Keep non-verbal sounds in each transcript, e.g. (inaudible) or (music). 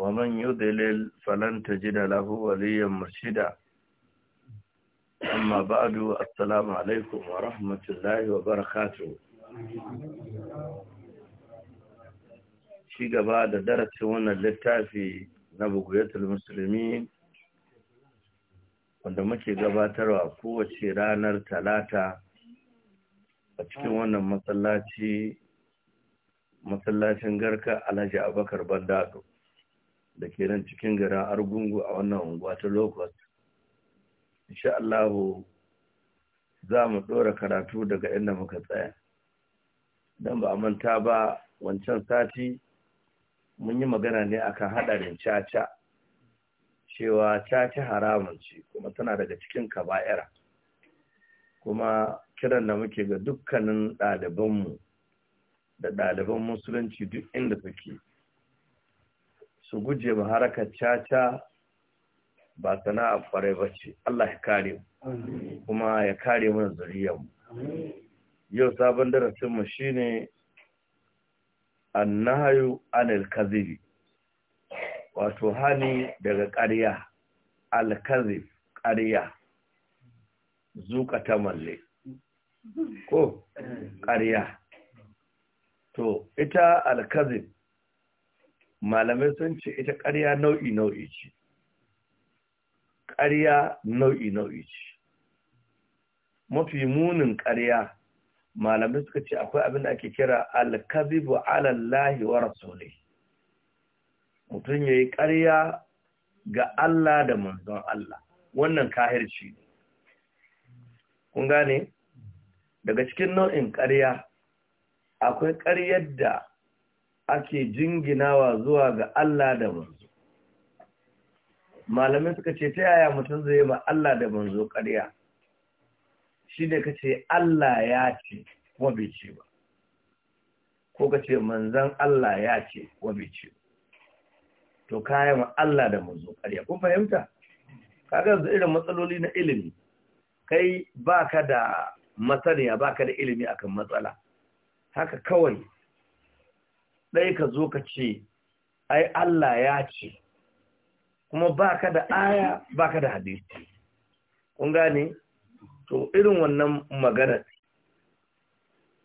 ومن يضلل فلن تجد له وليا مرشدا أما بعد السلام عليكم ورحمة الله وبركاته شي بعد درس darasin wannan نبو na buguyatul wanda muke gabatarwa kowace ranar talata a cikin wannan masallaci masallacin garka alhaji abakar bandado da ke nan cikin garin argungu a wannan unguwa ta locust insha Allahu za mu ɗora karatu daga inda muka tsaya don ba a manta ba wancan sati mun yi magana ne akan haɗarin caca cewa caca haramun ce kuma tana daga cikin kaba'ira kuma kiran da muke ga dukkanin mu da ɗaliban musulunci duk inda suke su guje ma harakar caca ba sana'a kwarai ba ce Allah ya kare mu kuma ya kare mana mu. yau sabon darasin mu shine annahayu anil wato hani daga ƙarya alkazib ƙarya zuka ta malle ko eh. ƙarya to ita alkazib malamai sun ce ita ƙarya nau'i nau'i ce ƙarya nau'i nau'i ce mafi munin ƙarya malamai suka ce akwai abin da ake kira Alkabibu alallahi wa rasuli mutum ya yi ƙarya ga Allah da manzon Allah wannan kahirci ne kun gane daga cikin nau'in ƙarya akwai ƙaryar da ake jinginawa zuwa ga Allah da manzo malamai suka ce ta yaya mutum zai ba Allah da manzo ƙarya shi ne ka ce Allah ya ce kuma bai ce ba ko ka ce manzan Allah ya ce kuma bai ce to kayan Allah da manzo ƙarya kun fahimta kaga zai irin matsaloli na ilimi kai baka da masaniya baka da ilimi akan matsala haka kawai ɗaya ka zo ka ce ai Allah ya ce kuma baka da aya baka da hadisi kun gane to irin wannan maganar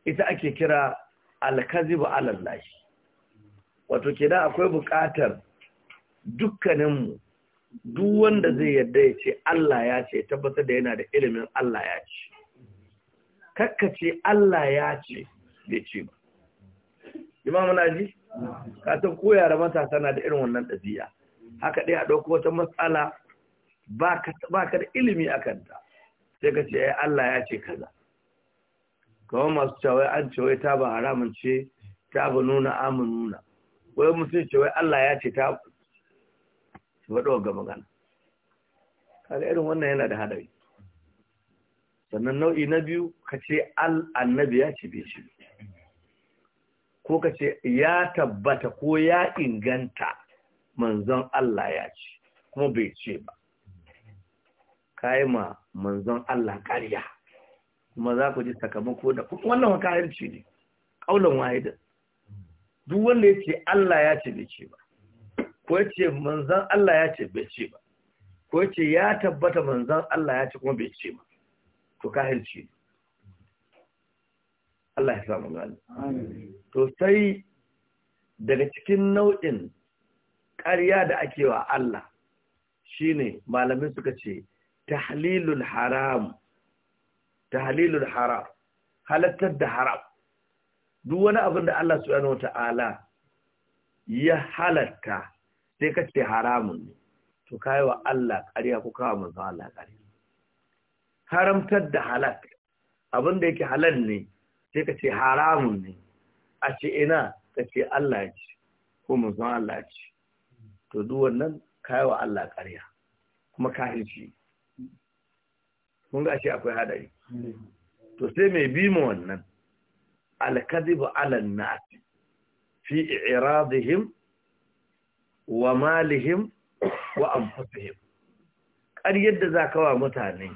ita ake kira alkazibu Allah. wato ke da akwai buƙatar dukkaninmu duk wanda zai yadda ya ce Allah ya ce tabbatar da yana da ilimin Allah ya ce ce Allah ya ce bai ce ba imamu na ji ka san ko yara matasa na da irin wannan ɗabi'a haka dai a ɗauko wata matsala ba ka da ilimi a kanta sai ka ce Allah ya ce kaza kawai masu cewa an ce wai ta ba haramun ce ta ba nuna amun nuna wai mutum ce wai Allah ya ce ta su faɗo ga magana kada irin wannan yana da hadari sannan nau'i na biyu ka ce al'annabi ya ce bai shi ko ka ce ya tabbata ko ya inganta manzon Allah ya ce kuma bai ce ba Ka yi ma manzon Allah ƙarya kuma za ku ji sakamako da wannan ce ne ƙaunar wahidin duk wanda ya ce Allah ya ce bai ce ba ko ya ce manzon Allah ya ce bai ce ba ko ya ce ya tabbata manzon Allah ya ce kuma bai ce ba to ne. Allah ya samu gani to sai daga cikin nau'in ƙarya da ake wa Allah shine malamin suka ce tahlilul haram tahlilul haram halattar da haram duk wani abin da Allah subhanahu wata'ala ya halatta sai ka ce haramun ne to kai wa Allah ƙarya ko kawo manzo Allah ƙarya haramtar da halal abin da yake halal ne sai ka ce haramun ne a ce ina ka ce Allah ya ce ko manzon Allah ya ce to duk wannan kayi wa Allah ƙarya kuma ka kahirci kun ga ashe akwai hadari to sai mai bi mu wannan alkadibu ala nas fi i'radihim wa malihim wa anfusihim ƙaryar da zaka wa mutane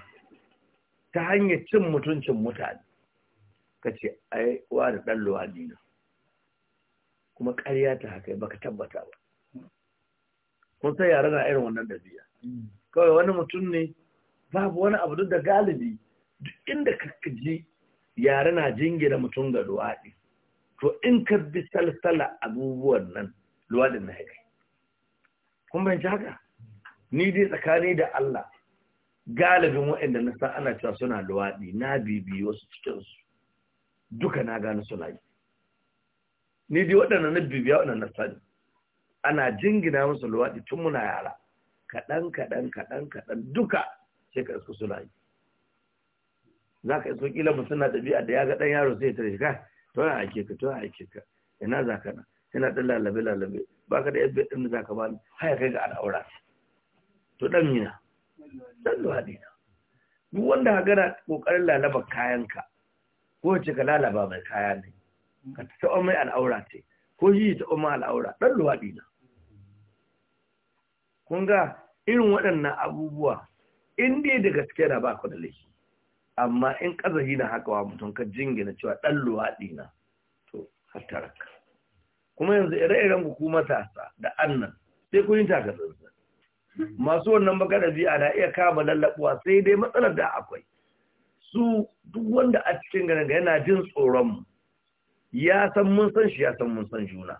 ta hanyar cin mutuncin mutane ka ce ai wa da ɗan luwaɗi na kuma ƙarya ta haka baka tabbata ba kun sai yare na irin wannan ɗabi'a kawai wani mutum ne babu wani abu duk da galibi duk inda ka ji yare na jingina mutum da luwaɗi to in ka bi salsala abubuwan nan luwaɗin na haka kun bayanci haka ni dai tsakani da Allah galibin waɗanda na san ana cewa suna luwaɗi na bibiyo su su duka na gano suna yi ni dai waɗannan na bibiya waɗannan na sani ana jingina musu luwaɗi tun muna yara kaɗan kaɗan kaɗan kaɗan duka sai ka isko suna yi za ka isko ƙila mutum na ɗabi'a da ya ga ɗan yaro sai ta tare ka to ya ake ka to ya ake ka ina za ka na ina ɗan lalabe lalabe ba ka da yadda ɗin za ka ni haya kai ga al'aura to ɗan mina ɗan luwaɗi na duk wanda ka gana ƙoƙarin lalaba kayanka ko ce ka lalaba mai kaya ne ka ta mai al'aura ce ko shi ta umma al'aura ɗan luwaɗi na kun ga irin waɗannan abubuwa in dai da gaske na ba da laifi amma in ƙazahi na haka wa mutum ka jingina cewa ɗan luwaɗi na to hattaraka kuma yanzu ire-iren ku matasa da annan sai kun yi taka masu wannan da ɗabi'a na iya kama lallabuwa sai dai matsalar da akwai su duk wanda a cikin garin yana jin tsoronmu ya san mun san shi ya san mun san juna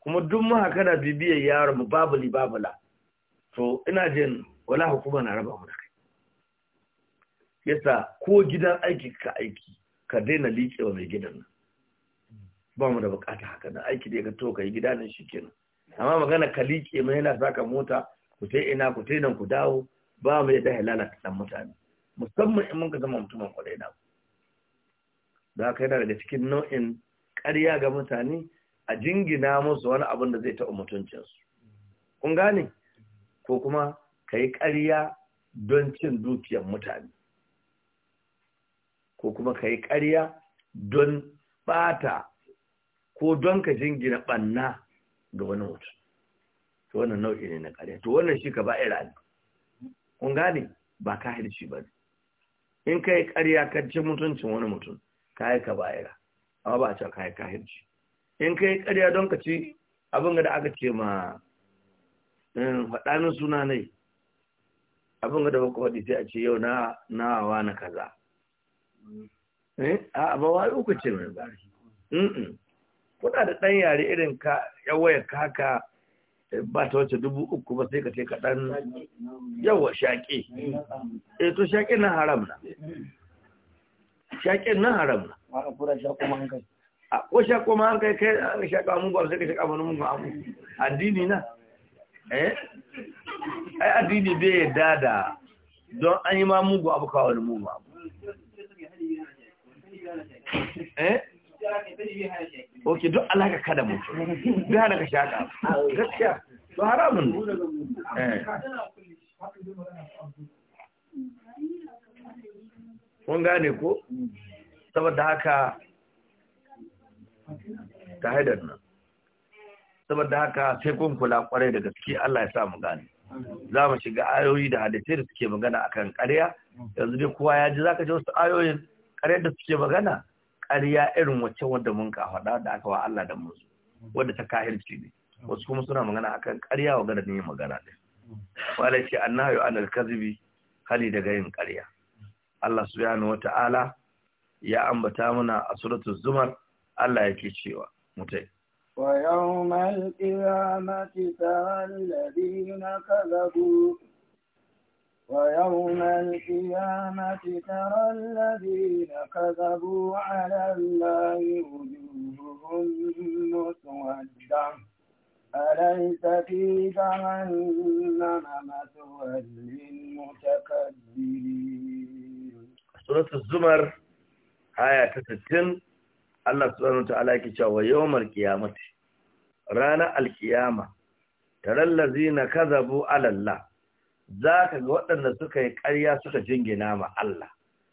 kuma duk haka na bibiyar yaron mu babuli babula to ina jin wala hukuma na raba mu da kai yasa ko gidan aiki ka aiki ka daina liƙe wa mai gidan nan ba mu da bukata haka na aiki da ya to kai gida nan kenan. amma magana ka liƙe mai yana saka mota ku sai ina ku sai nan ku dawo ba mu da halala dan mutane musamman in muka zama mutumin kwarai da da haka yana daga cikin nau'in karya ga mutane a jingina musu wani abin da zai taɓa mutuncinsu kun gane ko kuma ka yi ƙarya don cin dukiyar mutane ko kuma ka yi ƙarya don ɓata ko don ka jingina ɓanna ga wani mutum to wannan nau'i ne na ƙarya to wannan shi ka ba iran kun gane ba ka hirshi ba ne in ka yi ƙarya ka ci mutuncin wani mutum ka yi ka bayira amma ba a cewa ka yi ka hirci in ka yi ƙarya don ka ci abin da aka ce ma eh, faɗanin suna ne abin da baka faɗi sai a ce yau na wa na kaza eh, a ba wani uku ce mai ba kuna da ɗan yare irin ka yawayar kaka ba ta wace dubu uku ba sai ka ce kaɗan yawa shaƙe E eh, to shaƙe na haram na shaƙe na haram na ko shaƙo ma an kai kai shaƙo mun ba sai ka shaƙa mun mun amu addini na eh ai addini bai yadda da don an yi ma mugu abu kawo da mugu abu eh ok duk alaka kada mutu bai hana ka shaƙa gaskiya to haramun ne eh. kun gane ko saboda haka ta haidar nan saboda haka sai kun kula kwarai da gaske Allah ya sa mu gane za mu shiga ayoyi da hadisai da suke magana akan ƙarya yanzu dai kowa ya ji za ka ji wasu ayoyin ƙarya da suke magana ƙarya irin wacce wanda mun ka faɗa da aka wa Allah da mu wanda ta kahirci ne wasu kuma suna magana akan ƙarya wa gada ne magana mm. ɗin wala ce annahu anil kadhibi hali daga yin ƙarya Allah wa ta'ala ya ambata mana a suratun zumar Allah yake cewa mutai ويوم القيامة ترى الذين كذبوا ويوم القيامة na الذين a على الله أليس في جهنم مثوى للمتكبرين سورة الزمر آية 60 Allah subhanahu wa ta'ala yake cewa yawmal qiyamati ranar alkiyama taral lazina kazabu ala Allah zaka ga waɗanda suka yi ƙarya suka jingina ma Allah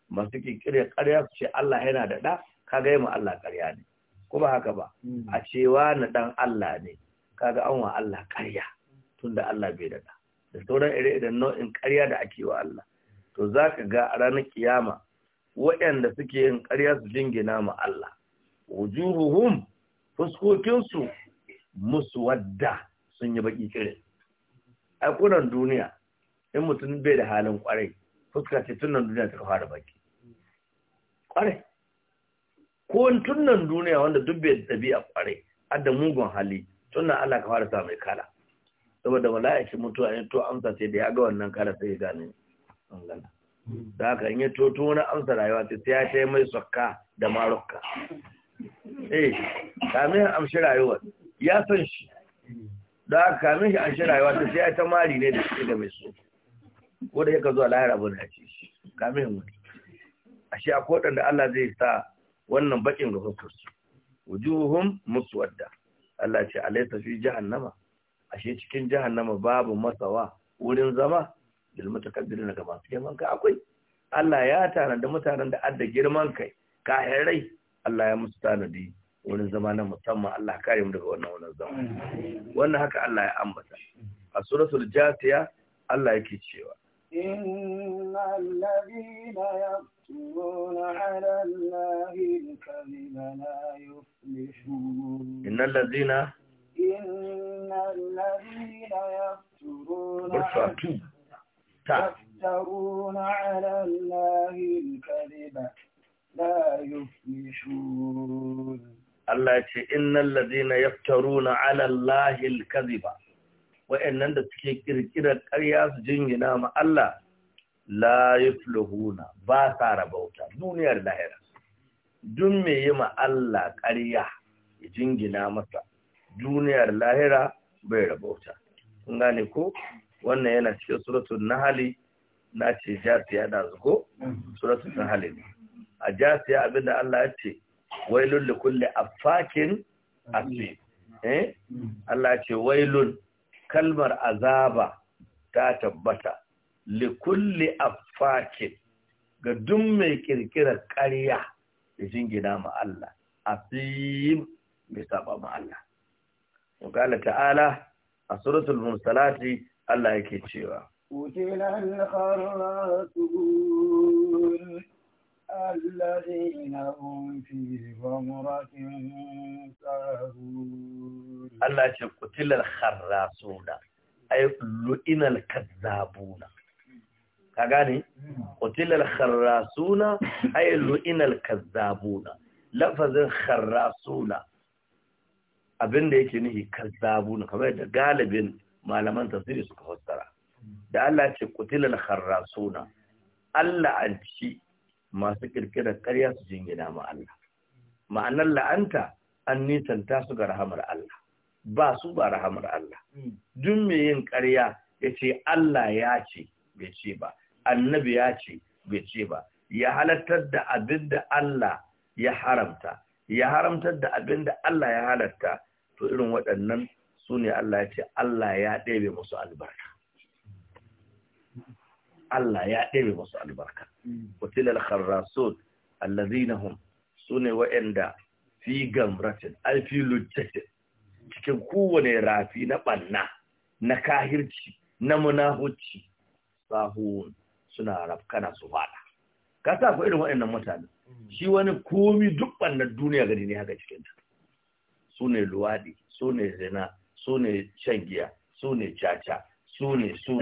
masu kikire ƙarya su ce Allah yana da ɗa ka yi ma Allah ƙarya ne kuma haka ba a cewa na ɗan Allah ne kaga an wa Allah ƙarya tunda Allah bai daɗa da sauran ire idan nau'in ƙarya da ake wa Allah to za ka ga a ranar kiyama waɗanda suke yin ƙarya su jingina ma Allah wujuhuhum fuskokinsu muswadda sun yi baki ƙirin. a kunan duniya in mutum bai da halin ƙwarai. fuska ce tunan duniya ta fara baki Ƙwarai, ko tunan duniya wanda duk bai da ɗabi'a ƙwarai? adda mugun hali tun Allah ka fara sa mai kala saboda mala'ikin mutuwa ne to amsa sai da ya ga wannan kala sai ya gane Allah da haka in ya toto wani amsa rayuwa ta sai ya tai mai sokka da marokka eh kamin amshi rayuwa ya san shi da haka kamin shi amshi rayuwa ta sai ya ta mari ne da shi ga mai so ko da yake zuwa lahira bane a ce shi kamin mutu ashe akwai da Allah zai sa wannan bakin ga hukunsu wujuhum muswadda Allah ce alaysa fi jahannama ashe cikin jahannama babu masawa wurin zama bil mutakabbirin ga masu girman kai akwai Allah ya tanada mutanen da adda girman kai kahirai Allah ya musu tanadi wurin zama na musamman Allah kare mu daga wannan wannan zama wannan haka Allah ya ambata a suratul jasiya Allah yake cewa إن الذين يفترون على الله الكذب لا يفلحون إن الذين إن الذين يفترون يفترون على الله الكذب لا يفلحون الله إن الذين يفترون على الله الكذب wa'annan da suke kirkirar ƙarya su jingina ma Allah la yuflihuna ba sa rabauta duniyar lahira dun me yi ma Allah ƙarya ya jingina masa duniyar lahira bai rabauta kun gane ko wannan yana cikin suratul nahali na ce jasiya da zuko suratul ne? a jasiya abinda Allah ya ce wailul likulli affakin asif eh Allah ya ce wailun kalmar azaba ta tabbata likulli affakin ga duk mai kirkirar ƙarya da jingina ma Allah afim mai saba ma Allah وقال Allah سورة المرسلات الله يكي تشيوا وجل الخراطون Allah الذين هم في غمرة ساهون الله يقتل الخراسون أي لئن الكذابون kagane qutilal kharrasuna ay lu'inal kazzabuna lafazin kharrasuna abinda yake nufi kazzabuna kamar da galibin malaman tafsiri suka fassara da Allah ce qutilal kharrasuna Allah an ci masu kirkirar ƙarya su jingina ma Allah ma'anar la'anta an nisanta su ga rahamar Allah ba su ba rahamar Allah duk mai yin ƙarya ya ce Allah ya ce bai ce ba annabi ya ce bai ce ba ya halattar da abin da Allah ya haramta ya haramtar da abin da Allah ya halatta to irin waɗannan su ne Allah ya ce Allah ya ɗebe musu albarka kutilal kharrasun allazina sune wa'anda fi gamratin alfi lujjatin cikin kowane rafi na banna na kahirci na munahuci sahun suna rafkana su fada ka sa ku irin wa'annan mutane shi wani komi duk bannan duniya gari ne haka cikin ta su ne luwadi su ne zina su ne shan giya su caca su ne su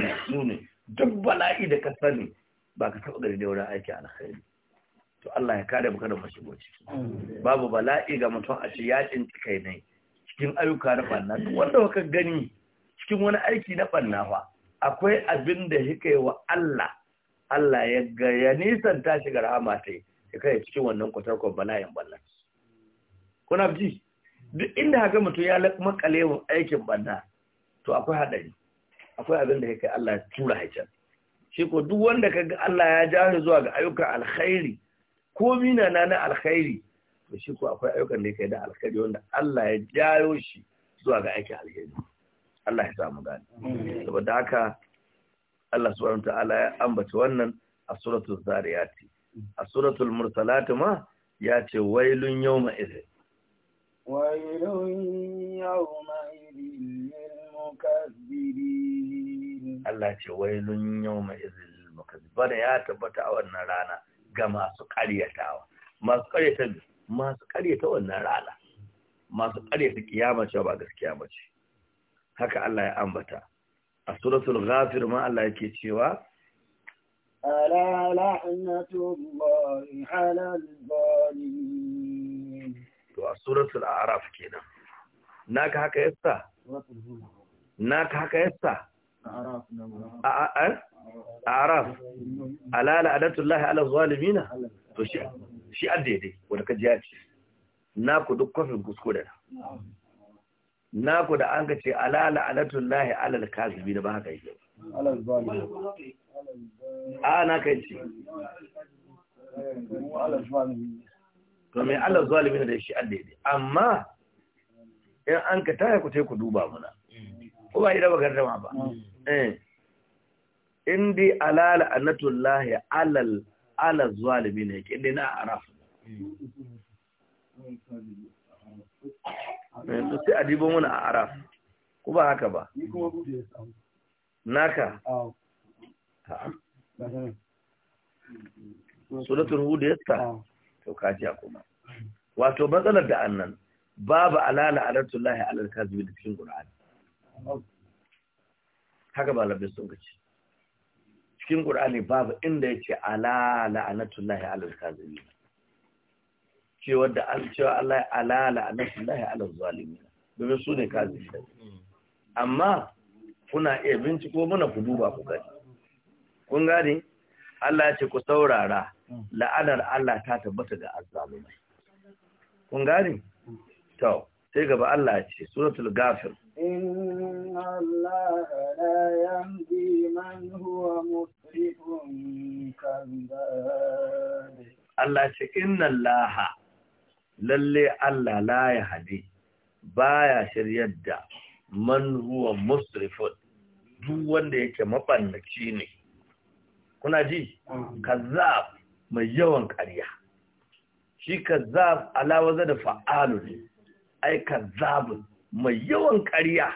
duk bala'i da ka sani ba ka taɓa gari da wurin aiki alkhairi to Allah ya kare baka da ku ciki babu bala'i ga mutum a ce ya tsinci kai ne cikin ayyuka na banna duk wanda ka gani cikin wani aiki na banna fa akwai abin da yake wa Allah Allah ya ga ya nisan ta shiga rahama ta ya kai cikin wannan kwatarkon bala'in ballan kuna ji duk inda haka mutum ya makale aikin banna to akwai haɗari akwai abin da yake Allah ya tura hajjar shi ko duk wanda ka ga Allah ya ja shi zuwa ga ayyukan alkhairi ko mina na na alkhairi to shi ko akwai ayyukan da yake da alkhairi wanda Allah ya jayo shi zuwa ga aikin alheri Allah ya samu gani saboda haka Allah subhanahu ta'ala ya ambaci wannan a suratul zariyat a suratul mursalat ma ya ce wailun yawma idhin wailun yawma idin lil mukazzibin Allah ce wailun izin izil bane ya tabbata a wannan rana ga masu karyatawa. masu karyata masu karyata wannan rana masu karyata kiyama cewa ba gaskiya ba ce haka Allah ya ambata a suratul ghafir ma Allah yake cewa ala la'natullahi ala al-zalimin to a suratul a'raf kenan naka haka yassa naka haka yassa a'raf ala la'adatullahi ala zalimina to shi shi addaidai wanda ka jiya ce ku duk kofin kuskure na ku da an ka ce ala la'adatullahi ala al-kazibina ba haka yake ala zalimina a na kai ce to mai ala zalimina da shi addaidai amma in an ka taya ku sai ku duba muna ko ba shi bakar gardama ba mm. eh. in dai alala anatullahi alal ala zalimi ne yake inda na araf eh, sai a dibo mana a araf ko ba haka ba naka suratul hud yasta to kaji a kuma wato matsalar da annan babu alala annatullahi alal kazibi da cikin qur'ani haka ba malamai sun gaci cikin ƙur'ani babu inda ya ce ala la'anatullahi alal kazibi cewa da an cewa Allah ala la'anatullahi alal zalimin domin su ne kazibi amma kuna iya binciko mana ku duba ku gani kun gane Allah ya ce ku saurara la'anar Allah ta tabbata ga azzalumai kun gane to sai gaba Allah ya ce suratul ghafir إن الله لا يهدي من هو مسرف كذاب Allah ce inna laha lalle Allah la ya baya shiryar da man musrifin duk wanda yake mabannaci ne kuna ji kazzab mai yawan ƙarya shi kazzab alawaza da fa'alu ne ai kazzabun mai yawan ƙariya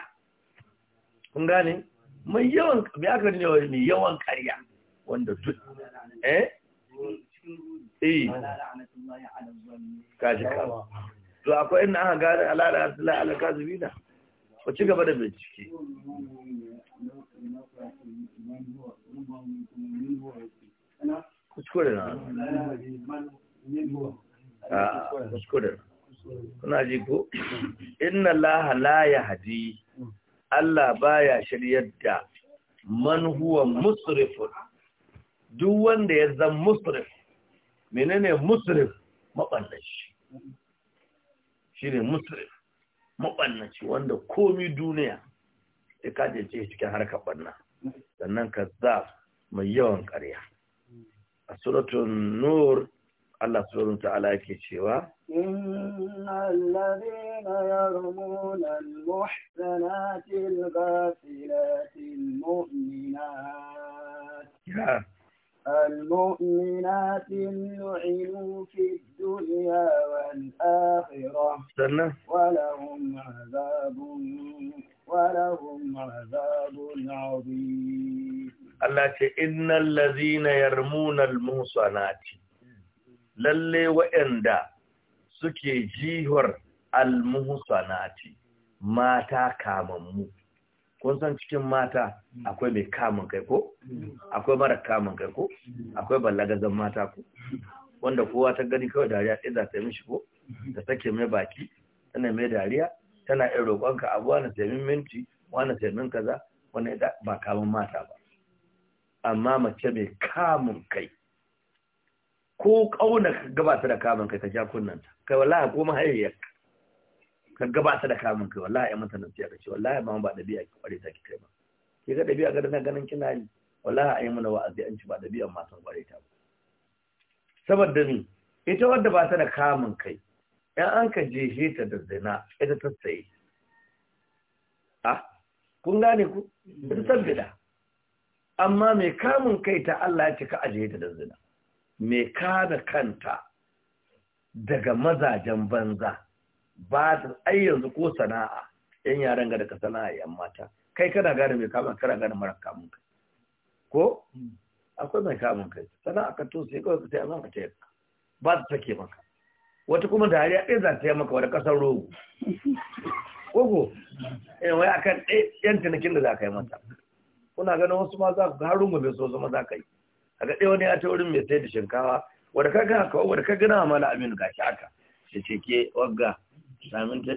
kun gane mai yawan mai aka ne mai yawan ƙariya wanda duk eh eh kaji ka to akwai inda aka gane alala asila ala zubina ku ci gaba da bincike kuskure na ah, kuskure na kuna ji ko inna laha la yahdi Allah baya shiryar da man huwa musrif duk wanda ya zama musrif menene musrif shi? shine musrif mabannaci wanda komi duniya ya je ce cikin harkar banna sannan ka za mai yawan ƙarya a suratul nur Allah subhanahu ta'ala yake cewa innal ladina yarmuna al-muhsanati al-ghafilati al-mu'minat المؤمنات لعنوا في الدنيا والآخرة ولهم عذاب ولهم عذاب عظيم الله إن الذين يرمون المحصنات lalle waɗanda suke jihar almuhsanati mata kamammu kun san cikin mata akwai mai kamun kai ko akwai mara kamun kai ko akwai ballagazan mata ko wanda kowa ta gani kawai dariya ɗaya za ta yi mishi ko ta sake mai baki tana mai dariya tana yin roƙonka abu wani saimin minti wani saimin kaza wani ba kamun mata ba amma mace mai kamun kai ko kauna gabata da kamun kai ka ja kunnanta kai wallahi ko mahaiyar ka gabata da kamun kai wallahi ai mutanen sai ka ce wallahi ma ba dabi'a ki kware ta ki kai ba ki ga dabi'a ga dana ganin kina yi wallahi ayi mana wa'azi an ci ba ma san kware ta ba saboda ni ita wadda ba ta da kamun kai in an ka jehe ta da zina ita ta tsaye ah kun gane ku ita ta bida amma mai kamun kai ta Allah ya cika ajiye ta da zina mai kada kanta daga mazajen banza ba ta ai yanzu ko sana'a yan yaran ga daga sana'a yan mata kai kana gane mai kama kana gane mara kamun kai ko hmm. akwai mai kamun kai sana'a ka to sai kawai ka sai an ta yaka ba ta take maka wata kuma dariya ɗaya za ta yi maka wani ƙasar rogo koko (laughs) eh wai akan eh, yanta na da za ka yi mata kuna ganin wasu ma za ku ga gobe rungume so zama za ka yi a ga wani ya ta wurin mai sai da shinkawa wadda ka gana kawo wadda ka gana mana aminu gashi haka shi ce ke wagga samun ta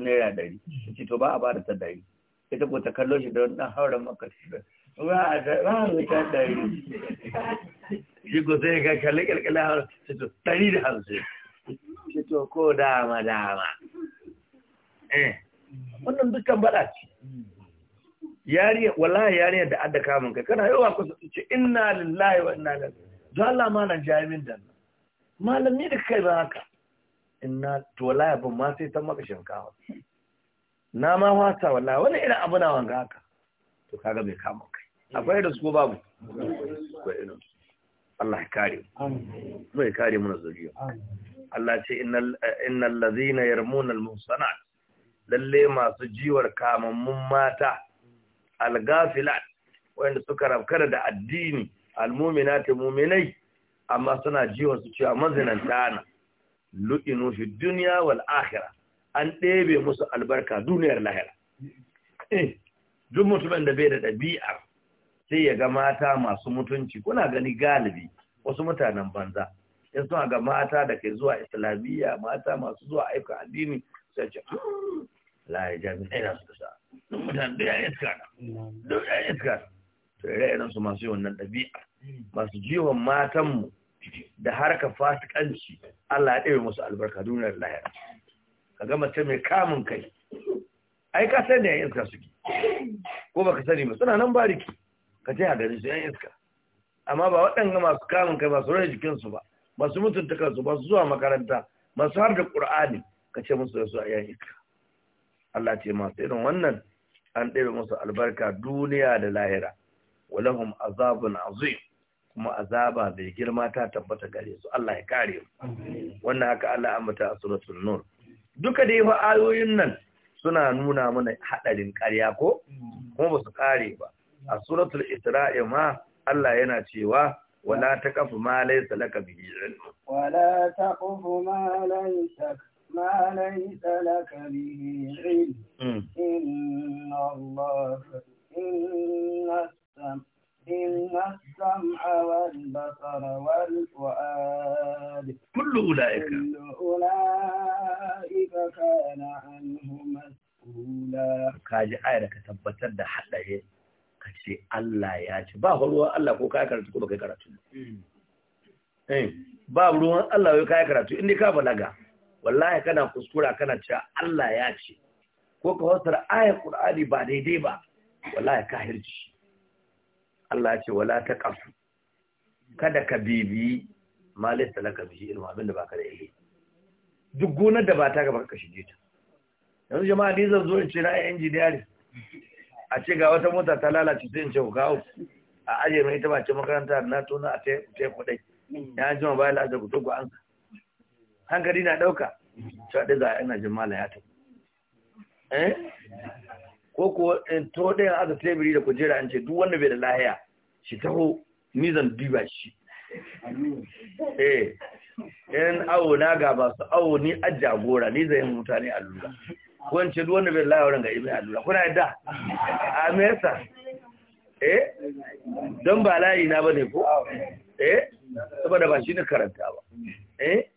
naira dari shi ce to ba a bada ta dari ita ko ta kallo shi da wani ɗan hauren makashi ba a ta dari shi ko sai ka kalli kalkali hauren shi to dari da hamsin shi to ko dama dama eh wannan dukkan bada. ce yariya wallahi yariya da adda kamun kai kana yawa su ce inna lillahi wa inna ilaihi don Allah malam jami'in da malam ni da kai ba haka inna to wallahi ban ma sai ta maka shinkawa na ma wasa wallahi wani irin abu na wanga haka to kaga bai kama kai akwai da su ko babu akwai irin Allah ya kare mu Amin. ya kare mu na zuriya Allah ce innal ladhina yarmuna al-muhsanat lalle masu jiwar kamammun mata al-ghafilat wanda suka rafkara da addini al-mu'minatu mu'minai amma suna jiwon su cewa mazinanta na lu'inu fi dunya wal akhirah an ɗebe musu albarka duniyar lahira eh, duk mutumin da bai da ɗabi'ar sai ya ga mata masu mutunci kuna gani galibi wasu mutanen banza in suna ga mata da ke zuwa islamiyya mata masu zuwa aika addini sai ce hmm, la ya jami'ai na su da sa'a mutane da ya iska na duk ya iska na to ire su masu yawan nan ɗabi'a hmm. masu jiwon matanmu da harka fasikanci Allah ya ɗaya musu albarka duniyar lahira ka ga mace mai kamun kai ai ka sani yayin iska suke ko ba ka sani ba suna nan bariki ka ce a gari su yayin iska amma ba waɗanda masu kamun kai masu rai jikinsu ba masu mutunta kansu masu zuwa makaranta masu har da ƙur'ani ka ce musu da su a yan iska Allah ce masu irin wannan an ɗaya musu albarka duniya da lahira walahum azabun azim kuma azaba bai girma ta tabbata gare su Allah ya kare mu wannan haka Allah ambata a suratul nur duka dai fa ayoyin nan suna nuna mana hadarin ƙarya ko kuma ba su kare ba a suratul isra'i ma Allah yana cewa wala taqfu ma laysa laka bihi wala taqfu ma laysa ما ليس لك به علم إن الله إن السمع إن السمع والبصر والفؤاد كل أولئك كل أولئك كان عنه مسؤولا كاجي آية كتبتر ده ka ce Allah ya ce ba ruwan Allah ko kayan karatu ko ba karatu ko kayan karatu inda balaga wallahi kana kuskura kana cewa Allah ya ce ko ka wasar ayar Qur'ani ba daidai ba wallahi hirji Allah ya ce wala ta kafu kada ka bibi ma laysa laka bihi ilmu abin da baka da ilmi duk gonar da ba ta gaba ka shige ta yanzu jama'a ni zan zo in ce na engineering a ce ga wata mota ta lalace sai in ce ku kawo a aje mai ita ba ce makaranta na tona a ta kudai ya jima bayan la'azar ku to ku an hankali na ɗauka to da za a ina jin mala ya tafi eh ko ko to ɗayan aka tebiri da kujera an ce duk wanda bai da lahiya shi taho nizan diba shi eh In awo na ba su awo ni a jagora ni zai mutane Ko in ce duk wanda bai da lahiya ga ibi a kuna yadda a mesa eh don ba layi na bane ko eh saboda ba shi ne karanta ba eh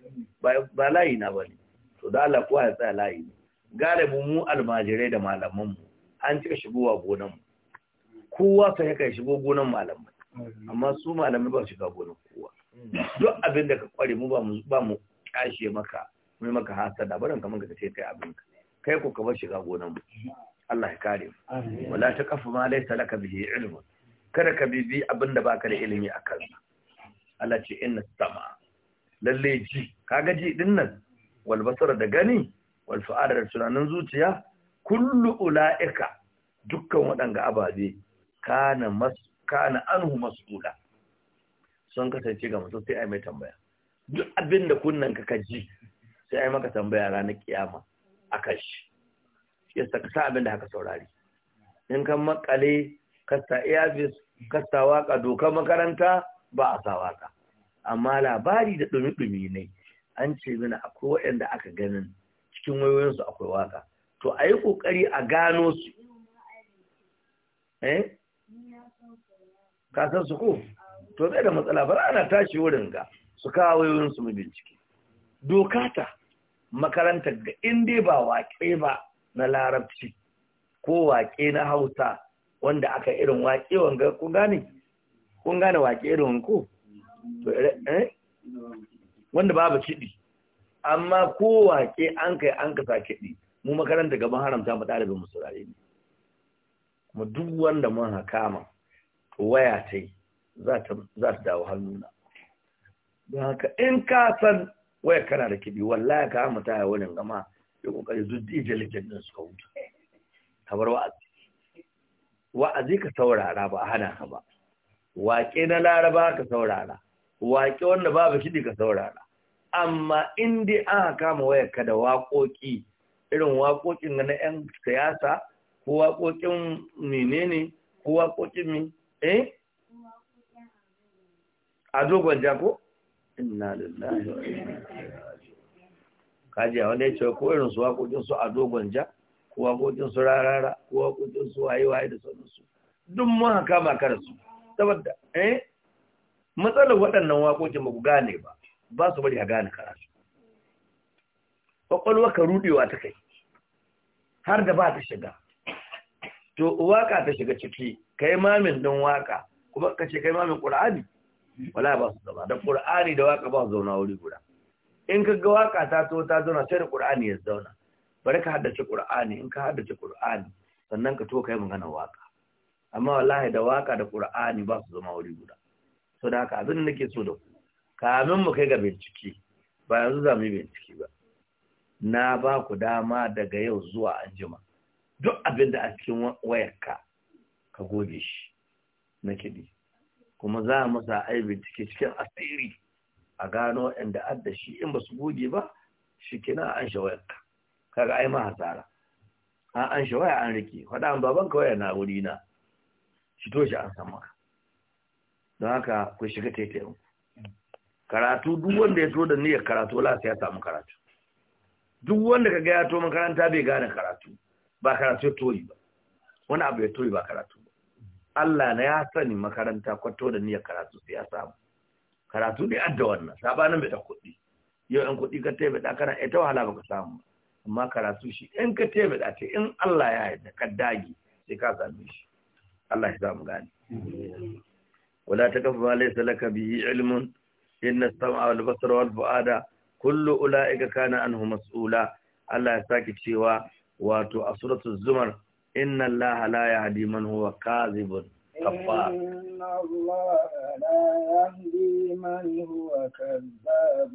ba layi na ba ne. to da Allah kowa ya tsaya layi ne galibin mu almajirai da malaman mu an ce shigowa gonan mu kowa sai kai shigo gonan malamai amma su malamai ba shiga gonan kowa duk abin da ka kware mu ba mu ba mu kashe maka mai maka hasada barin kamar ka ce kai abin ka kai ko ka bar shiga gonan mu Allah ya kare mu wala ta kafa ma laysa laka bihi ilmun kada ka bibi abin da baka da ilimi a kansa Allah ce inna sama lalle ji kaga ji din nan wal basara da gani wal fu'ada da tunanin zuciya kullu ulaika dukkan waɗanga ababe kana mas kana anhu mas'ula sun kasance ga mutum sai ai mai tambaya duk abin da kunnan ka ka ji sai ai maka tambaya ranar kiyama akan shi yasa ka sa abin da haka saurari in kan makale kasta iyafis kasta waka dokar makaranta ba a sa waka amma labari da dumi-dumi ne an ce mana akwai waɗanda aka ganin cikin wayoyinsu akwai waka to a yi ƙoƙari a gano su eh san su ko to zai da matsala ba ana tashi wurin ga su kawo wayoyinsu mu bincike doka ta makaranta ga inda ba waƙe ba na larabci ko waƙe na hausa wanda aka irin waƙe wanga kun gane kun gane waƙe irin ko Eh, eh? wanda babu kiɗi amma ko wake an kai an sa kiɗi mu makaranta gaban haramta mu ɗalibin mu saurare ne kuma duk wanda mun hakama waya ta yi za ta dawo hannuna don haka in ka san waya kana da kiɗi wallahi ka hama ta wani gama ya kokari duk dijalitin din suka wuce kamar wa'azi wa'azi ka saurara ba a hana ka ba waƙe na laraba ka saurara waƙe wanda babu kiɗi ka saurara amma in dai aka kama wayar ka da waƙoƙi irin waƙoƙin na 'yan siyasa ko waƙoƙin menene ko waƙoƙin mi eh a Gwanja jako inna lillahi wa kaji a wanda ya ce ko irin su waƙoƙin su a dogon ja ko waƙoƙin su rarara ko waƙoƙin su waye waye da sauransu duk mun haka makar su saboda eh matsalar waɗannan waƙoƙin ba ku gane ba ba su bari a gane karatu ƙwaƙwalwa ka ruɗewa ta kai har da ba ta shiga to waƙa ta shiga ciki ka yi mamin don waƙa kuma ka ce yi mamin ƙur'ani wala ba su zama da ƙur'ani da waƙa ba su zauna wuri guda in ka ga waƙa ta to ta zauna sai da ƙur'ani ya zauna bari ka haddace ƙur'ani in ka haddace ƙur'ani sannan ka to ka yi magana waƙa amma wallahi da waƙa da ƙur'ani ba su zama wuri guda Sau da haka abin da nake so da ku kamin mu kai ga bincike ba yanzu za mu yi bincike ba na ba ku dama daga yau zuwa anjima duk abin da a cikin wayarka ka goge shi na kiɗi kuma za mu sa ai bincike cikin asiri a gano inda adda shi in ba su goge ba shi kina an shi wayarka kaga ai ma hasara an an shi waya an rike faɗa an babanka waya na wuri na shi to shi an san maka don haka ku shiga taitayin karatu duk wanda ya so da niyyar karatu wala sai ya samu karatu duk wanda ka gaya to makaranta bai gane karatu ba karatu toyi ba wani abu ya toyi ba karatu ba Allah na ya sani makaranta kwato da niyyar karatu sai ya samu karatu ne adda wannan sabanin bai ta kuɗi yau yan kuɗi ka tebe da kana ita eh, wahala baka samu amma karatu shi in ka tebe da ta in Allah ya yarda ka dage sai ka same shi Allah ya samu gane ولا تكف ما ليس لك به علم إن السمع والبصر والفؤاد كل أولئك كان عنه مسؤولا الله يساكي تشيوا واتو أسورة الزمر إن الله لا يهدي من هو كاذب كفار إن الله لا يهدي من هو كذاب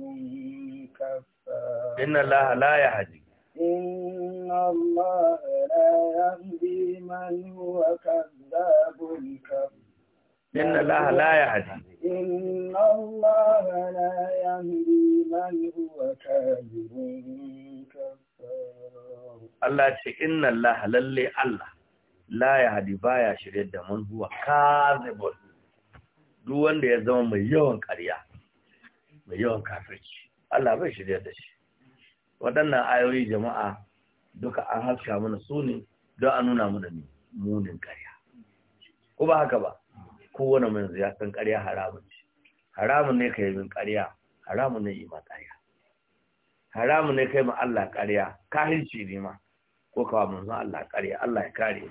كفار إن الله لا يهدي إن الله لا يهدي من هو كذاب كفار إن الله لا يهدي إن الله لا يهدي من هو كاذب كفار ce inna الله lalle Allah لا يهدي Baya شريد da man huwa كاذب duk wanda ya zama mai yawan ƙarya mai yawan kafirci Allah bai shirya da shi waɗannan ayoyi jama'a duka an haska mana su ne don a nuna mana munin ƙarya ko ba haka ba kowane mun ya san ƙarya haramun ce haramun ne ka yi min ƙarya haramun ne yi ma ƙarya haramun ne kai ma Allah ƙarya kahirci ne ma ko kawo manzon Allah ƙarya Allah ya kare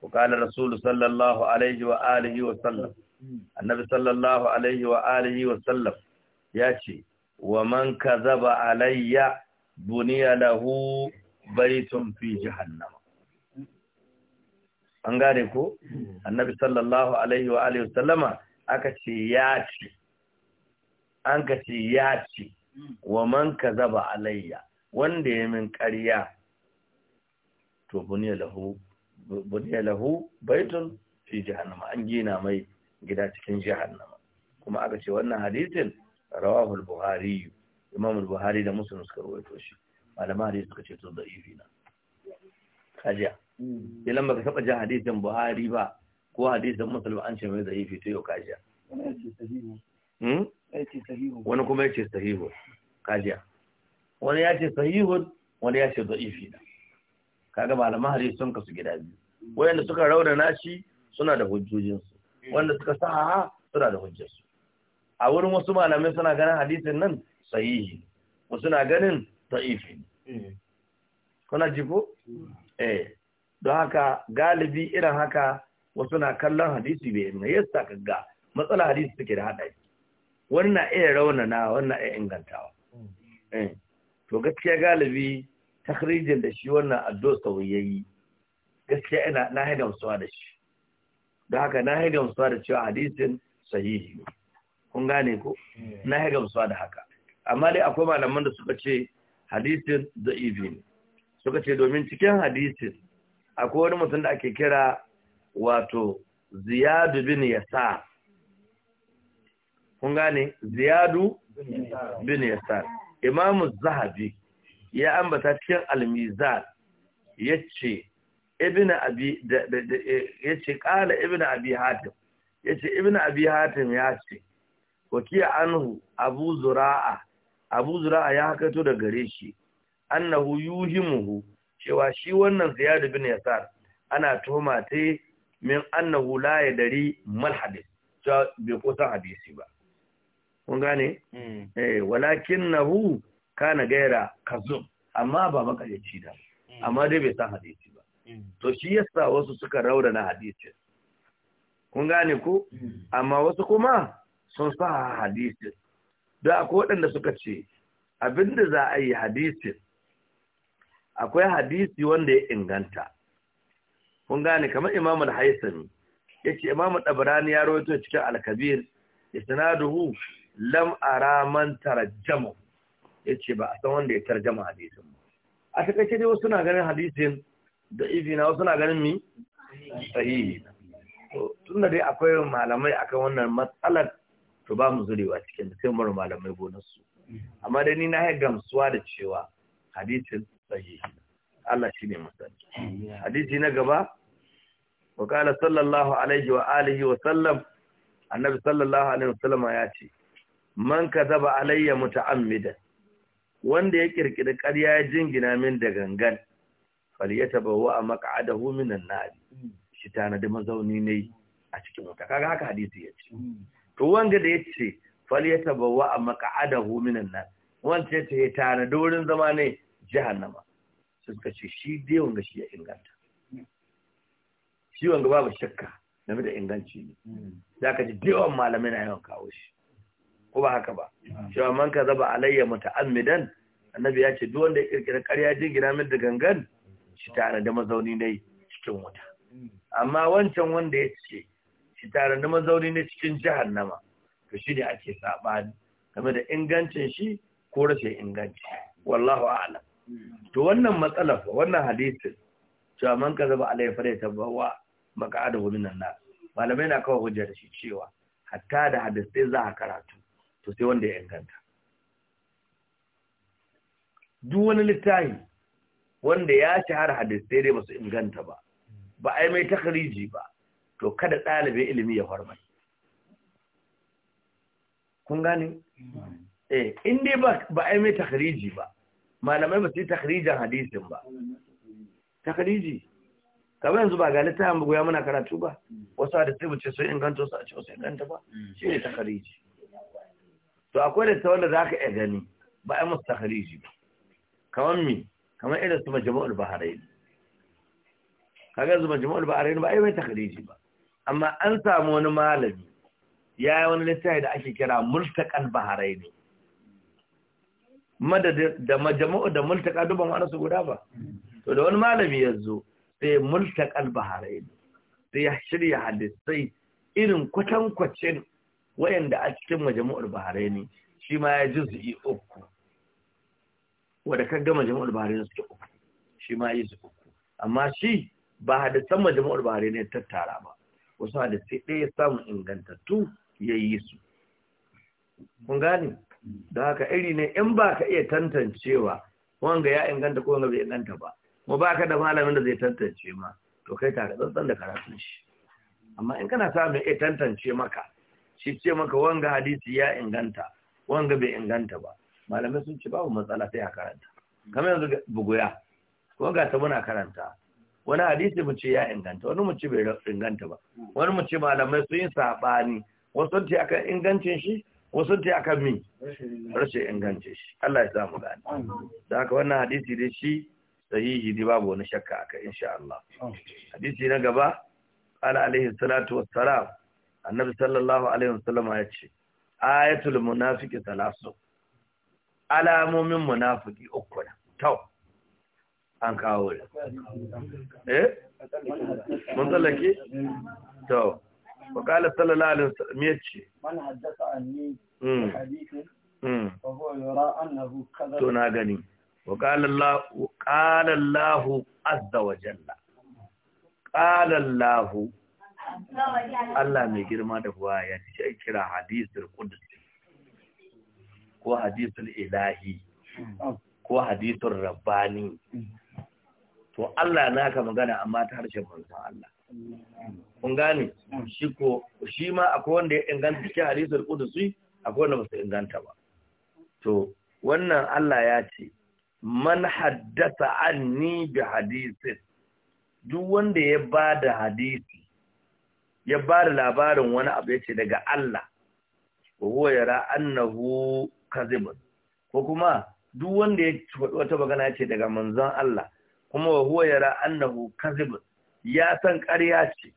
ku kana rasulu sallallahu alaihi wa alihi wa sallam annabi sallallahu alaihi wa alihi wa sallam ya ce wa man kazaba alayya buniya lahu baitun fi jahannam an gane ko annabi sallallahu alaihi wa alihi sallama aka ce ya ci an ka ce ya ci wa man kazaba alayya wanda ya min ƙarya to buniya lahu buniya lahu baitun fi jahannama an gina mai gida cikin jahannama kuma aka ce wannan hadisin rawahu al-bukhari imam al-bukhari da muslim suka rawaito shi malama hadisi suka ce to da ifina kajiya idan baka taba jin hadisin buhari ba ko hadisin musulmi an ce mai zaifi to yau kajiya hmm? wani kuma ya ce sahihu kajiya wani ya ce sahihun wani ya ce zaifi na kaga malaman hadisi sun kasu gida biyu wayanda suka rauna nashi suna da hujjojinsu wanda suka sa suna da hujjarsu a wurin wasu malamai suna ganin hadisin nan sahihi wasu na ganin da'ifi eh. kuna jiko hmm. eh don haka galibi irin haka wasu na kallon hadisi bai inga sa kaga matsala hadisi suke da haɗari wani na iya raunana wani na iya ingantawa mm. eh. to gaskiya galibi takrijin da shi wannan addo sauyayi gaskiya ina na haida musuwa da shi don haka na haida musuwa da cewa hadisin sahihi kun gane ko mm. na haida musuwa da haka amma dai akwai malaman da suka ce hadisin da ne suka ce domin cikin hadisin akwai wani mutum da ake kira wato ziyadu bin yasar kun gane ziyadu bin yasar imamu zahabi ya ambata cikin almizan ya ce ibina abi ya ce ƙala abi hatim ya ce ibina abi hatim ya ce anhu abu zura'a abu zura'a ya hakato da gare shi annahu yuhimuhu cewa shi wannan ziyadu bin yasar ana tuhuma ta min annahu la yadri mal hadith cewa bai ko san hadisi ba kun gane hmm. eh walakinnahu kana gaira kazum amma ba makalici da hmm. amma dai bai san hadisi ba hmm. to shi yasa wasu suka na hadisin kun gane ko amma wasu kuma sun sa hadisi da akwai waɗanda suka ce abinda za a yi hadisin akwai hadisi wanda ya inganta kun gane kamar imam al-haisami yace imam dabrani ya rawaito cikin al-kabir isnaduhu lam ara man tarjama yace ba a san wanda ya tarjama hadisin a takaice dai wasu na ganin hadisin da izina wasu na ganin mi sahihi tun da dai akwai malamai akan wannan matsalar to ba mu zurewa cikin da sai mu malamai gonarsu amma dai ni na gamsuwa da cewa hadisin sahihi Allah ne masani hadisi na gaba wa qala sallallahu alaihi wa alihi wa sallam annabi sallallahu alaihi wa sallama ya ce man kadaba alayya muta'ammidan wanda ya kirkiri ƙarya ya jingina min da gangan falyatabawwa maq'adahu minan nar shi da mazauni ne a cikin wuta kaga haka hadisi ya ce. Mm. to wanga da yace falyatabawwa maq'adahu minan nar wanda yace ya da wurin zama ne jahannama sai suka ce shi dai wanga shi ya inganta shi wanga babu shakka game da inganci ne za ka ji dewan malamai na yawan kawo shi ko ba haka ba cewa man ka zaba alayya muta'ammidan annabi ya ce duk wanda ya kirkira ƙarya jingina min da gangan shi tare da mazauni ne cikin wuta amma wancan wanda ya ce shi tare da mazauni ne cikin jahannama to shine ake saɓani game da ingancin shi ko rashin inganci wallahu a'lam to wannan matsalar wannan hadisin cewa man ka zaba alayhi fa ta bawa maka'ada minan nas malamai na kawo hujja da shi cewa hatta da hadisai za a karatu to sai wanda ya inganta duk wani littafi wanda ya shahara hadisai dai basu inganta ba ba ai mai takhriji ba to kada dalibi ilimi ya farma kun gane mm. eh in dai ba ai mai takhriji ba malamai ba su yi takhrijin hadisin ba takhriji kamar yanzu ba ga littafin buguya muna karatu ba wasu da sai ce sun inganta su a ce wasu inganta ba mm. shi ne takhriji to akwai da ta wanda za ka iya gani ba a musu takhriji ba kamar mi kamar irin su majmu'ul bahrain kaga yanzu majmu'ul bahrain ba ai mai takhriji ba amma an samu wani malami ya yi wani littafi da ake kira multaqal bahrain madadin da majama'u da multaka duban wani su guda ba to da wani malami ya zo sai multakal baharai sai ya shirya hadisai irin kwatankwacin wayanda a cikin majama'ul baharai ne shi ma ya juz'i uku Wada kan ga majama'ul baharai suke uku shi ma ya ji uku amma shi ba hadisan majama'ul baharai ne tattara ba wasu hadisai ɗaya samun ingantattu ya yi su kun gane da haka iri ne in ba ka iya tantancewa wanga ya inganta ko wanga bai inganta ba Mu ba ka da malamin da zai tantance ma to kai ta tsantsan da karatun shi amma in kana samun iya tantance maka shi ce maka wanga hadisi ya inganta wanga bai inganta ba malamai sun ce babu matsala sai a karanta kamar yanzu buguya ko ga ta muna karanta wani hadisi mu ce ya inganta wani mu ce bai inganta ba wani mu ce malamai sun yi sabani wasu ce akan ingancin shi wasu ta aka mi rashin ingance shi Allah ya samu gani da haka wannan hadisi da shi sahihi dai babu wani shakka aka insha Allah hadisi na gaba qala alaihi salatu wassalam annabi sallallahu alaihi wasallam ya ce ayatul munafiqi salasu alamomin munafiki uku ne to an kawo eh mun tsallake to وقال صلى الله عليه وسلم yace man haddatha anni hadithin fa huwa yara annahu to na gani wa qala Allah qala Allah Allah mai girma da buwa ya ce kira hadisul qudsi ko hadisul ilahi ko hadisul rabbani to Allah na ka magana amma ta harshen manzon Allah kun gane shi ko shi ma akwai wanda ya inganta cikin hadisul qudusi akwai wanda ba su inganta ba to wannan Allah ya ce man haddatha anni bi hadisin duk wanda ya bada hadisi ya bada labarin wani abu yace daga Allah wa huwa yara annahu kadhibun ko kuma duk wanda ya wata magana yace daga manzon Allah kuma wa huwa yara annahu kadhibun ya san ƙarya ce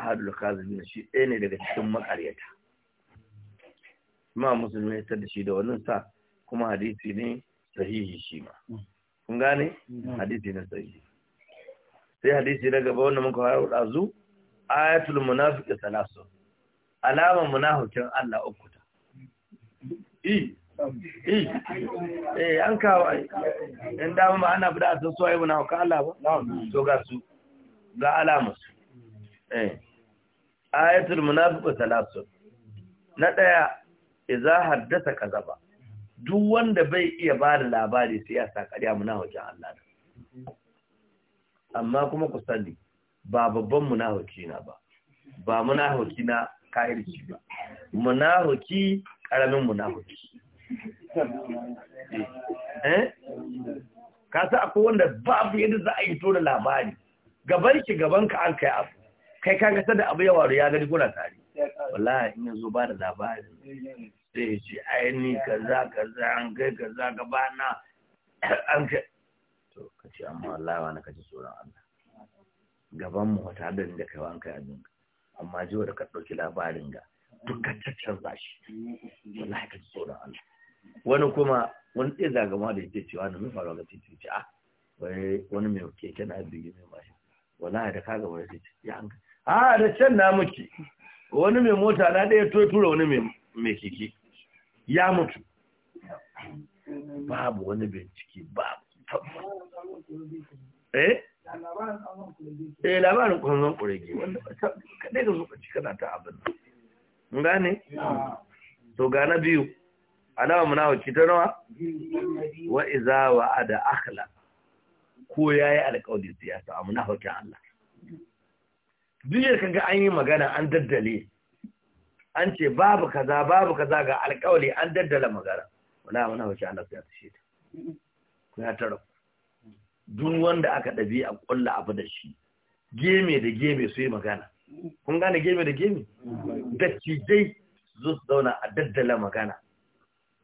haɗu da kazimin shi ɗaya ne daga cikin maƙaryata. ma musulmi ya da shi da wannan sa kuma hadisi ne sahihi shi ma kun gane hadisi ne sahihi sai hadisi na gaba wanda muka da zu, ayatul munafiqi salasu alaman munafikin Allah uku ta i i eh an kawo ai dan ma ana fi da san soyayya munafikan Allah ba to ga su ga alamarsu eh. ayatul munafiqu salasun na ɗaya idza haddasa kazaba duk wanda bai iya ba da labari sai ya karya munafijin Allah amma kuma ku sani ba babban munafiki na ba ba munafiki na kairci ba munafiki karamin munafiki eh, eh? ka sa akwai wanda babu yadda za a yi to da labari gaban ki gaban ka an kai abu kai ka gasa da abu yawa ya gani kuna tare wallahi in yazo ba da labari sai ya ce ai ni kaza kaza an kai kaza ka na an kai to ka ce amma wallahi wani ka ji tsoron Allah gaban mu wata hadarin da kai an kai abin amma jiwa da ka ɗauki labarin ga dukkan canza shi wallahi ka tsoron Allah wani kuma wani ɗaya zagama da ya ce cewa na mai faruwa ga titi ce ah wani mai keke na bigi mai mashi wallahi da kaga wani sai ya an a da can na muke wani mai mota na da ya tura wani mai mai keke ya mutu babu wani bincike babu eh eh labarin kwanon kurege wanda kadai ka ci kana ta abin nan gane to ga na biyu alama munawa ki ta nawa wa iza wa ada akhlaq ko ya yi alƙawari da ya samu na hukin Allah Duniyar yadda kaga an yi magana an daddale an ce babu kaza babu kaza ga alƙawari an daddala magana wala mana hukin Allah ya tashi ta ku ya tara duk wanda aka ɗabi a ƙulla abu da shi geme da geme su yi magana kun gane geme da geme dattijai zo su zauna a daddala magana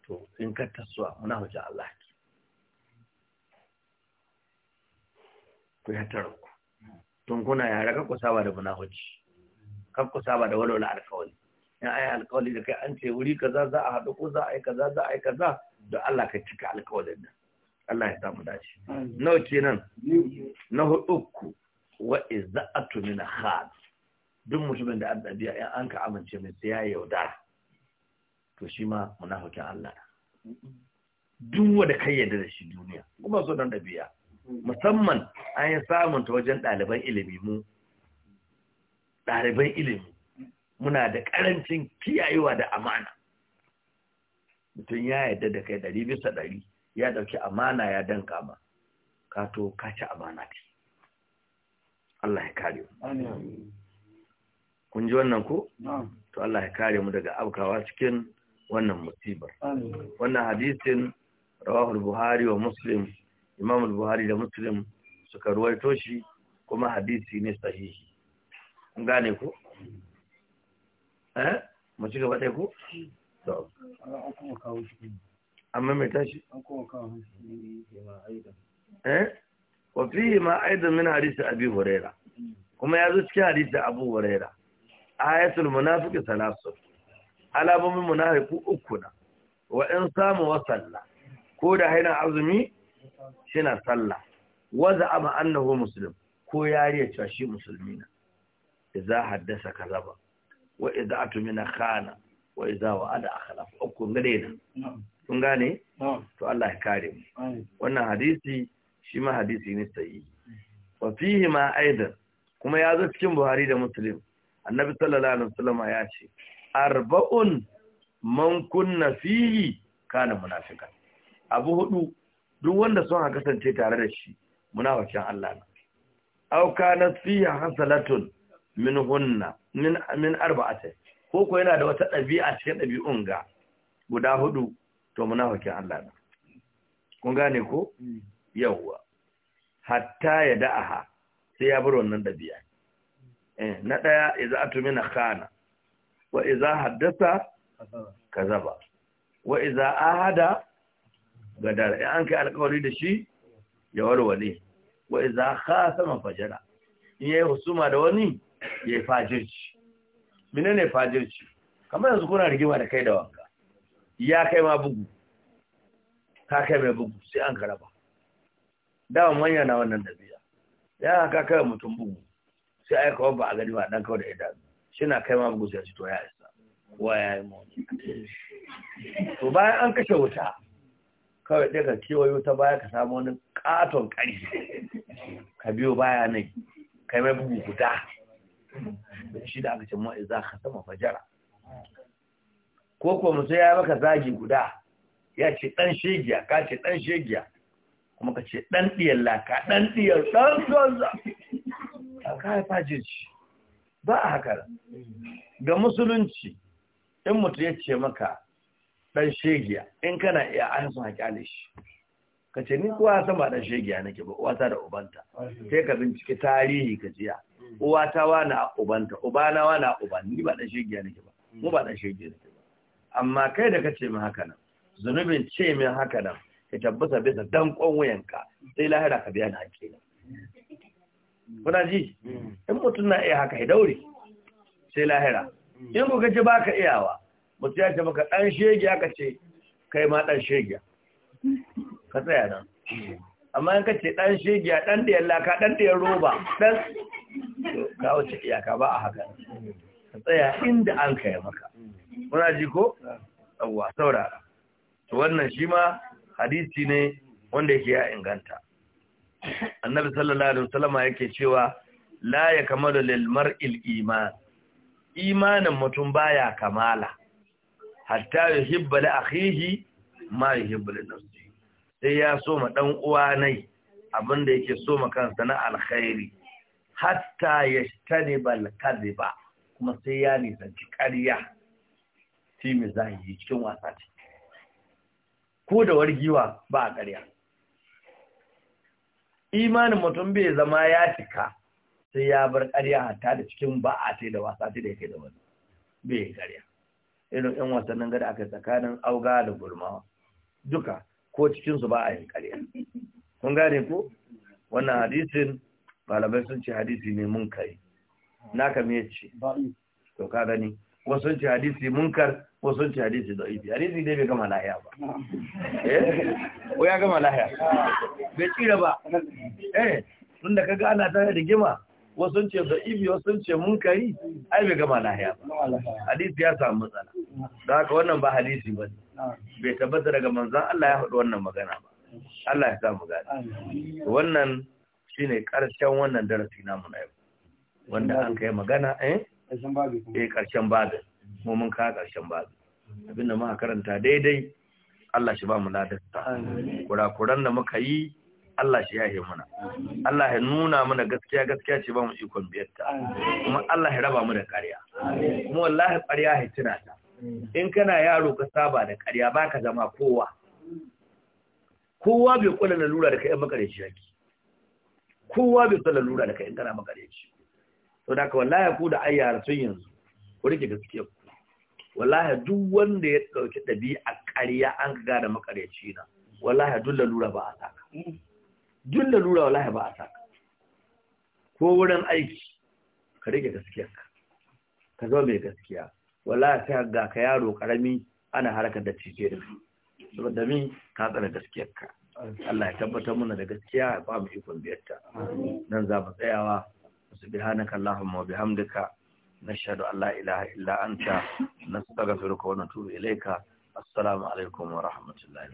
to in ka tasowa muna hukin Allah ku ya tara ku tun kuna yare kan saba da munafici kan saba da walwala alkawali in ayi alkawali da kai an ce wuri kaza za a haɗu ko za a yi kaza za a yi kaza don Allah ka cika alkawalin nan Allah ya samu dace nawa kenan na hudu ku wa izza'atu na khad duk mutumin da an dabiya in an ka amince mai sai ya yaudara to shi ma munafikin Allah duk wanda kai yadda da shi duniya kuma so dan dabiya musamman an yi samun ta wajen ɗaliban ilimi mu ɗaliban ilimi muna da ƙarancin kiyayewa da amana mutum ya yarda da kai ɗari bisa ɗari ya ɗauki amana ya danka ma ka to ka ci amana ce Allah ya kare mu kun ji wannan ko to Allah ya kare mu daga abkawa cikin wannan musibar wannan hadisin rawahul buhari wa muslim imam al-buhari da muslim suka ruwaito shi kuma hadisi ne sahihi an gane ku eh mu ci gaba dai ku to amma mai tashi an kuma kawo shi eh wa fihi ma aidan min hadisi abi huraira kuma ya zo cikin hadisi abu huraira ayatul munafiqi salasu alamomin munafiqu uku na wa in samu wasalla ko da haina azumi shina sallah waza ama annahu muslim ko yariya cewa shi musulmi ne idza haddasa kaza ba wa idza atmina khana wa idza wa'ada akhlaf uku ngade na kun gane to Allah ya kare mu wannan hadisi shi ma hadisi ne sahihi wa fihi ma aida. kuma ya zo cikin Buhari da Muslim annabi sallallahu alaihi wasallam ya ce arba'un man kunna fihi kana munafiqan abu hudu duk wanda son a kasance tare da shi muna wacan Allah na auka na fiya hasalatun min hunna min min arba'atin ko ko yana da wata ɗabi'a cikin ɗabi'un ga guda hudu to muna wacan Allah na kun gane ko mm. yawwa hatta ya da'aha sai ya bar wannan ɗabi'a eh na daya idza atumina khana wa idza haddasa kazaba wa idza ahada gadara in an kai alkawari da shi ya warware wa iza man fajara in yayi husuma da wani ya fajirci menene fajirci kamar yanzu kuna rigima da kai da wanka ya kai ma bugu ka kai mai bugu sai an karaba dawa manya na wannan biya. ya ka kai mutum bugu sai ai kawo ba a gani ba dan kawo da idanu shi na kai ma bugu sai ci to ya isa wa ya yi mu to bayan an kashe wuta kawai ɗaya ka kewayo ta baya ka samu wani ƙaton ƙari ka biyo baya nan kai mai bugu guda shi da aka ce ma'a za ka sama fajara ko ko musu ya maka zagi guda ya ce ɗan shegiya ka ce ɗan shegiya kuma ka ce ɗan ɗiyar laka ɗan ɗiyar ɗan zonza a kayan shi ba a haka ga musulunci in mutu ya ce maka dan shegiya in kana iya an su haƙi shi ka ce ni kuwa sama dan shegiya nake ba uwata da ubanta sai ka bincike tarihi ka jiya uwata wa na ubanta ubana wa na uban ni ba dan shegiya nake ba mu ba dan shegiya nake ba amma kai da kace min haka nan zunubin ce min haka nan ka tabbata bisa dankon wuyanka sai lahira ka biya ni haƙƙi kuna ji hmm. in mutum na iya haka ya daure sai lahira in kuka ji baka iyawa mutu ya ce maka ɗan shege aka ce kai ma ɗan shege ka tsaya nan amma yanka ce ɗan shege ɗan ɗayan laka ɗan ɗayan roba ɗan ka wuce iyaka ba a haka ka tsaya inda an kai maka muna ji ko? yawwa saurara to wannan shi ma hadisi ne wanda yake ya inganta annabi sallallahu alaihi wasallam yake cewa la ya kamalu lil mar'il iman imanin mutum baya kamala hatta ya hibba da akhihi ma ya hibba da nafsi sai ya so ma dan uwa nai abinda yake so ma kansa na alkhairi hatta yashtaniba ba kuma sai ya nisanci ƙarya fi yi cikin wasa ce ko da wargiwa ba a ƙarya imanin mutum bai zama ya cika sai ya bar ƙarya hatta da cikin ba'a ce da wasa ce da yake da wani bai ƙarya irin yan wasannin gada aka tsakanin auga da gurmawa duka ko cikinsu ba a yin ƙarya kun gane ko wannan hadisin malamai sun ce hadisi ne munkari ka me ce to ka gani wasu ce hadisi munkar wasu ce hadisi da ibi hadisi ne bai gama lahiya ba eh ko ya gama lahiya bai tsira ba eh da kaga ana tare da gima wasu ce za'ibi wasu ce mun kai, ai bai gama lahiya ba hadisi ya samu matsala da haka wannan ba hadisi ba bai tabbata daga manzan Allah ya faɗi wannan magana ba Allah ya samu gani wannan shine karshen wannan darasi namu na yau wanda an kai magana eh karshen babin eh, mu mun kawo karshen babin abinda muka karanta daidai Allah shi ba mu ladarsa kurakuran da muka yi Allah shi ya yi muna Allah ya nuna muna gaskiya gaskiya ce ba mu ikon biyarta kuma Allah ya raba mu da ƙarya kuma wallahi ƙarya ya tuna ta in kana yaro ka saba da ƙarya ba ka zama kowa kowa bai kula lura da kai in makareci yake kowa bai kula lura da kai in kana makareci to da ka wallahi ku da ayyar sun yanzu ku rike gaskiya ku wallahi duk wanda ya dauki ɗabi'a ƙarya an ga da makareci na wallahi duk lura ba a saka duk lura wallahi ba a saka ko wurin aiki ka rike gaskiyarka ka zama mai gaskiya wallahi sai ga ka yaro karami ana harkar da cije da saboda min ka tsara gaskiyarka Allah ya tabbatar mana da gaskiya ya ba mu ikon biyarta nan za mu tsayawa subhanaka allahumma wa bihamdika nashhadu an la ilaha illa anta nastaghfiruka wa natubu ilayka assalamu alaikum wa rahmatullahi